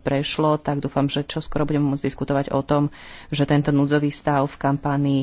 prešlo, tak dúfam, že čoskoro budeme môcť diskutovať o tom, že tento núdzový stav v kampanii